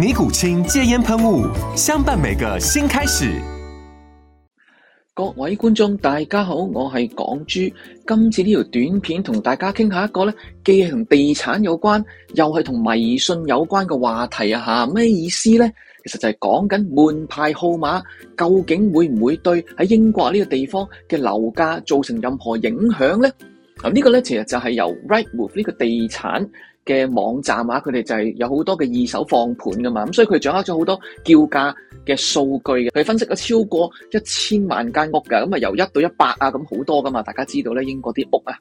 尼古清戒煙噴霧，相伴每個新開始。各位觀眾，大家好，我係港豬。今次呢條短片同大家傾下一個咧，既係同地產有關，又係同迷信有關嘅話題啊！吓咩意思咧？其實就係講緊門牌號碼，究竟會唔會對喺英國呢個地方嘅樓價造成任何影響咧？咁、這個、呢個咧，其實就係由 Rightmove 呢個地產，嘅網站啊，佢哋就係有好多嘅二手放盤噶嘛，咁所以佢掌握咗好多叫價嘅數據，佢分析咗超過一千萬間屋㗎。咁、嗯、啊由一到一百啊，咁好多噶嘛，大家知道咧英國啲屋啊。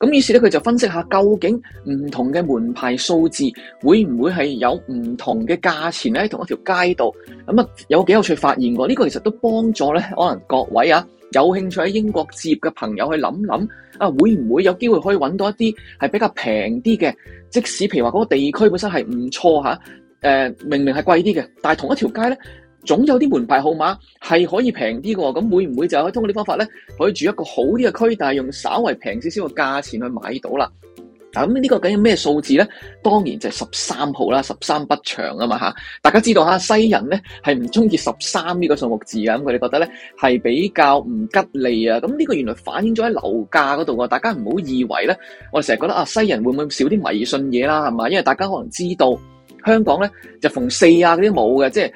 咁於是咧，佢就分析下究竟唔同嘅門牌數字會唔會係有唔同嘅價錢咧？同一條街道。咁啊，有幾有趣發現過呢、呢個其實都幫助咧，可能各位啊有興趣喺英國置業嘅朋友去諗諗啊，會唔會有機會可以揾到一啲係比較平啲嘅？即使譬如話嗰個地區本身係唔錯嚇，誒明明係貴啲嘅，但係同一條街咧。總有啲門牌號碼係可以平啲嘅喎，咁會唔會就可以通過啲方法咧，可以住一個好啲嘅區，但係用稍為平少少嘅價錢去買到啦。嗱，咁呢個究竟咩數字咧？當然就係十三號啦，十三不祥啊嘛吓，大家知道下，西人咧係唔中意十三呢個數目字嘅，咁佢哋覺得咧係比較唔吉利啊。咁呢個原來反映咗喺樓價嗰度喎，大家唔好以為咧，我哋成日覺得啊西人會唔會少啲迷信嘢啦係嘛？因為大家可能知道。香港咧就逢四啊嗰啲冇嘅，即係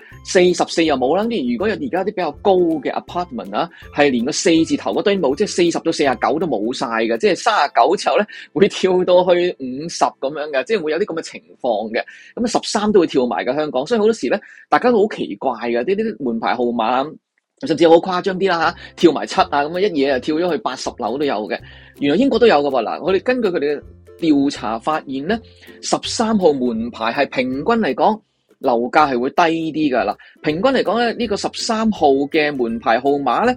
四十四又冇啦。啲如果有而家啲比較高嘅 apartment 啊，係連個四字頭嗰堆冇，即係四十到四十九都冇晒嘅，即係三十九之後咧會跳到去五十咁樣嘅，即係會有啲咁嘅情況嘅。咁十三都會跳埋㗎香港，所以好多時咧大家都好奇怪㗎，呢啲門牌號碼甚至好誇張啲啦吓，跳埋七啊咁啊一嘢啊跳咗去八十樓都有嘅。原來英國都有㗎喎嗱，我哋根據佢哋嘅。調查發現咧，十三號門牌係平均嚟講樓價係會低啲噶啦。平均嚟講咧，呢個十三號嘅門牌號碼咧。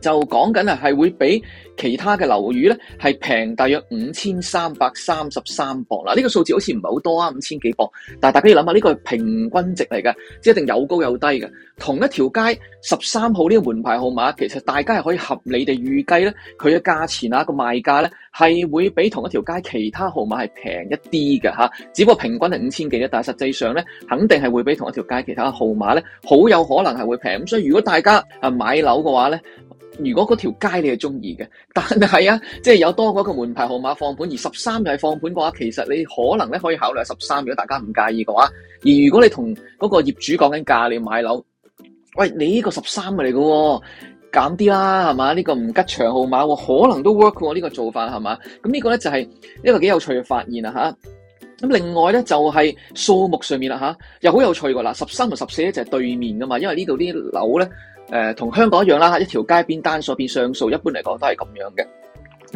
就講緊啊，係會比其他嘅樓宇咧係平大約五千三百三十三鎊啦。呢個數字好似唔係好多啊，五千幾鎊。但大家要諗下，呢個係平均值嚟嘅，即係一定有高有低嘅。同一條街十三號呢個門牌號碼，其實大家係可以合理地預計咧，佢嘅價錢啊，個賣價咧係會比同一條街其他號碼係平一啲嘅吓，只不過平均係五千幾啫，但係實際上咧，肯定係會比同一條街其他號碼咧好有可能係會平。咁所以如果大家啊買樓嘅話咧，如果嗰條街你係中意嘅，但係啊，即係有多嗰個門牌號碼放盤，而十三又係放盤嘅話，其實你可能咧可以考慮下十三，如果大家唔介意嘅話。而如果你同嗰個業主講緊價，你買樓，喂，你呢個十三嚟嘅喎，減啲啦，係嘛？呢個唔吉祥號碼，可能都 work 喎，呢個做法係嘛？咁呢個咧就係一個幾有趣嘅發現啊吓，咁另外咧就係數目上面啦吓，又好有趣嘅啦，十三同十四就係對面㗎嘛，因為呢度啲樓咧。誒、呃、同香港一樣啦，一條街邊單數變雙數，一般嚟講都係咁樣嘅。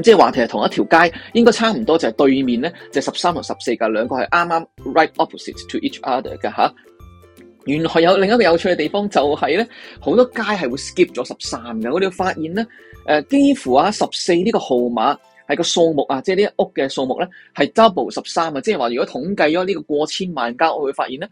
即係話，其實同一條街應該差唔多就係對面呢，就係對面咧，就十三同十四嘅兩個係啱啱 right opposite to each other 嘅吓。原來有另一個有趣嘅地方就係、是、咧，好多街係會 skip 咗十三嘅。我哋發現咧，誒、呃、幾乎啊十四呢個號碼係個數目啊，即係呢一屋嘅數目咧係 double 十三啊。即係話如果統計咗呢個過千萬家，我會發現咧。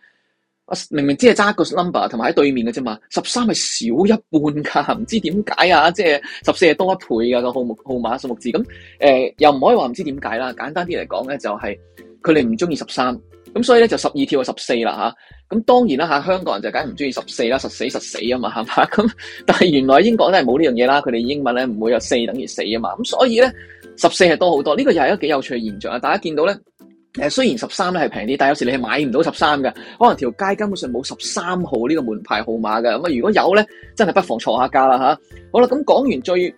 明明即係揸個 number 同埋喺對面嘅啫嘛，十三係少一半㗎，唔知點解啊？即係十四係多一倍㗎個號目號碼,號碼數目字，咁誒、呃、又唔可以話唔知點解啦。簡單啲嚟講咧，就係佢哋唔中意十三，咁所以咧就十二跳啊十四啦嚇。咁當然啦嚇，香港人就梗係唔中意十四啦，十四十四啊嘛係嘛咁。但係原來英英國係冇呢樣嘢啦，佢哋英文咧唔會有四等於四啊嘛。咁所以咧十四係多好多，呢、呢個又係一個幾有趣嘅現象啊！大家見到咧。誒，雖然十三咧係平啲，但係有時你係買唔到十三嘅，可能條街根本上冇十三號呢個門牌號碼嘅。咁啊，如果有咧，真係不妨坐下價啦吓。好啦，咁講完最，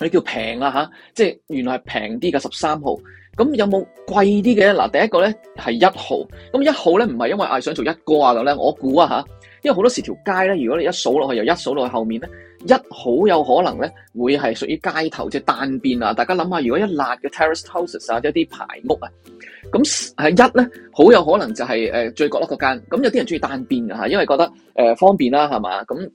你叫平啦吓，即係原來係平啲嘅十三號。咁有冇貴啲嘅？嗱，第一個咧係一號，咁一號咧唔係因為係想做一哥啊咁咧，我估啊吓。因為好多時條街咧，如果你一數落去，由一數落去後面咧，一好有可能咧，會係屬於街頭，即係單邊啊！大家諗下，如果一辣嘅 terraced houses 啊，即、一啲排屋啊，咁係一咧，好有可能就係最角落嗰間。咁有啲人中意單邊嘅嚇，因為覺得、呃、方便啦，係嘛，咁。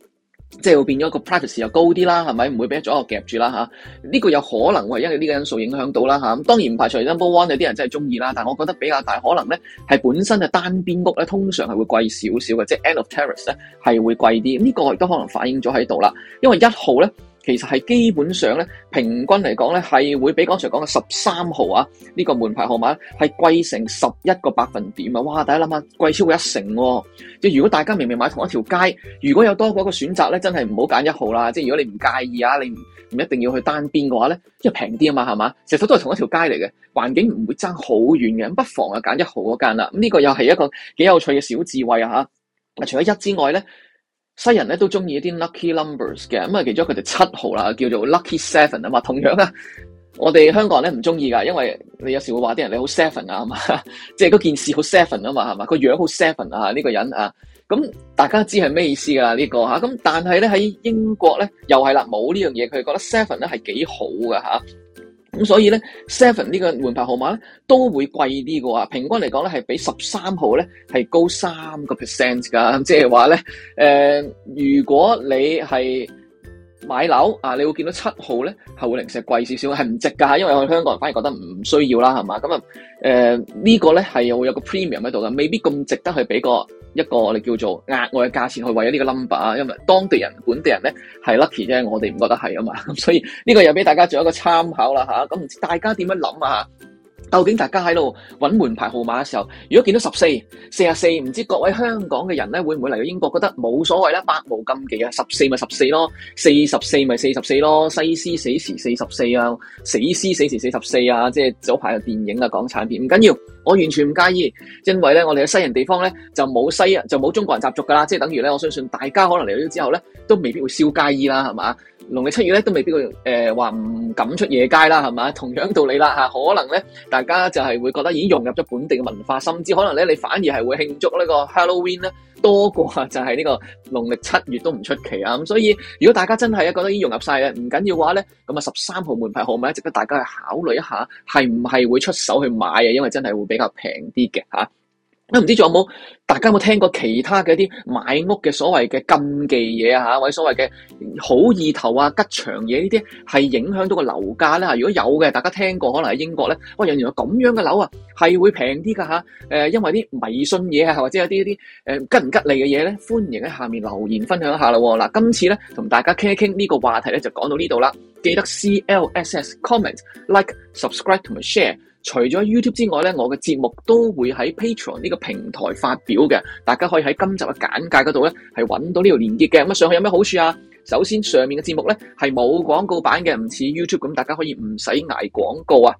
即係會變咗個 privacy 又高啲啦，係咪？唔會俾左一個夾住啦吓，呢、啊呢個有可能會因為呢個因素影響到啦吓、啊。當然唔排除 number one 有啲人真係中意啦，但係我覺得比較大可能咧，係本身嘅單邊屋咧，通常係會貴少少嘅，即係 end of terrace 咧係會貴啲。呢、呢個亦都可能反映咗喺度啦，因為一號咧。其實係基本上咧，平均嚟講咧，係會比剛才講嘅十三號啊，呢個門牌號碼係貴成十一個百分點啊！哇，大家諗下，貴超過一成喎！即係如果大家明明買同一條街，如果有多一個選擇咧，真係唔好揀一號啦！即係如果你唔介意啊，你唔唔一定要去單邊嘅話咧，因為平啲啊嘛，係嘛？其實都係同一條街嚟嘅，環境唔會爭好遠嘅，不妨啊揀一號嗰間啦。咁呢個又係一個幾有趣嘅小智慧啊！嚇，除咗一之外咧。西人咧都中意一啲 lucky numbers 嘅，咁啊其中佢哋七號啦，叫做 lucky seven 啊嘛，同樣啊，我哋香港人咧唔中意噶，因為你有時會話啲人你好 seven 啊嘛，即係嗰件事好 seven 啊嘛，係嘛，個樣好 seven 啊呢個人啊，咁大家知係咩意思噶啦，呢個吓。咁但係咧喺英國咧又係啦，冇呢樣嘢，佢哋覺得 seven 咧係幾好噶吓。咁所以咧，seven 呢個門牌號碼咧都會貴啲嘅喎，平均嚟講咧係比十三號咧係高三個 percent 噶。即係話咧，誒、就是呃，如果你係。買樓啊，你會見到七號咧係會零舍貴少少，係唔值㗎，因為我哋香港人反而覺得唔需要啦，係嘛？咁啊、呃呢個、呢個咧係會有個 premium 喺度㗎，未必咁值得去俾個一個，一個你叫做額外嘅價錢去為咗呢個 number，因為當地人本地人咧係 lucky 啫，我哋唔覺得係啊嘛，咁所以呢、呢個又俾大家做一個參考啦吓，咁、啊、唔知大家點樣諗啊？究竟大家喺度揾門牌號碼嘅時候，如果見到十四、四十四，唔知各位香港嘅人咧，會唔會嚟到英國覺得冇所謂啦？百無禁忌啊，十四咪十四咯，四十四咪四十四咯，西施死時四十四啊，死屍死時四十四啊，即係早排嘅電影啦，港產片唔緊要，我完全唔介意，因為咧，我哋喺西人地方咧就冇西啊，就冇中國人習俗噶啦，即係等於咧，我相信大家可能嚟咗之後咧，都未必會燒街衣啦，係嘛？農曆七月咧都未必會，誒話唔敢出夜街啦，係咪？同樣道理啦，吓可能咧，大家就係會覺得已經融入咗本地嘅文化，甚至可能咧，你反而係會慶祝呢個 Halloween 咧多過就係呢個農曆七月都唔出奇啊！咁所以，如果大家真係啊覺得已經融入晒嘅，唔緊要嘅話咧，咁啊十三號門牌號碼值得大家去考慮一下，係唔係會出手去買啊？因為真係會比較平啲嘅吓。咁唔知仲有冇大家有冇聽過其他嘅一啲買屋嘅所謂嘅禁忌嘢啊？嚇或者所謂嘅好意頭啊、吉祥嘢呢啲係影響到個樓價咧嚇？如果有嘅，大家聽過可能喺英國咧，哇、哦、有原來咁樣嘅樓啊，係會平啲㗎嚇。誒，因為啲迷信嘢啊，或者有啲一啲誒、呃、吉唔吉利嘅嘢咧，歡迎喺下面留言分享下啦。嗱、啊，今次咧同大家傾一傾呢、這個話題咧，就講到呢度啦。記得 CLSS comment like subscribe 同埋 share。除咗 YouTube 之外咧，我嘅節目都會喺 Patreon 呢個平台發表嘅，大家可以喺今集嘅簡介嗰度咧係搵到呢條連結嘅。咁啊上去有咩好處啊？首先上面嘅節目咧係冇廣告版嘅，唔似 YouTube 咁，大家可以唔使捱廣告啊。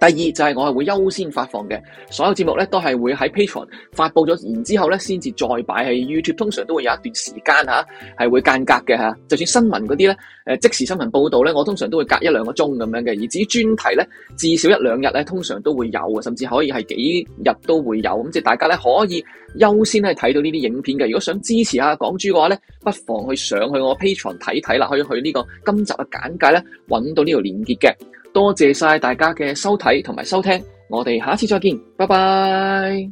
第二就係、是、我係會優先發放嘅，所有節目咧都係會喺 Patreon 發佈咗然之後咧，先至再擺喺 YouTube。通常都會有一段時間嚇，係會間隔嘅嚇。就算新聞嗰啲咧，誒即時新聞報導咧，我通常都會隔一兩個鐘咁樣嘅。而至於專題咧，至少一兩日咧，通常都會有，甚至可以係幾日都會有。咁即係大家咧可以優先咧睇到呢啲影片嘅。如果想支持一下港豬嘅話咧，不妨去上去我 Patreon 睇睇啦，可以去呢、這個今集嘅簡介咧揾到呢條連結嘅。多謝晒大家嘅收睇同埋收聽，我哋下次再見，拜拜。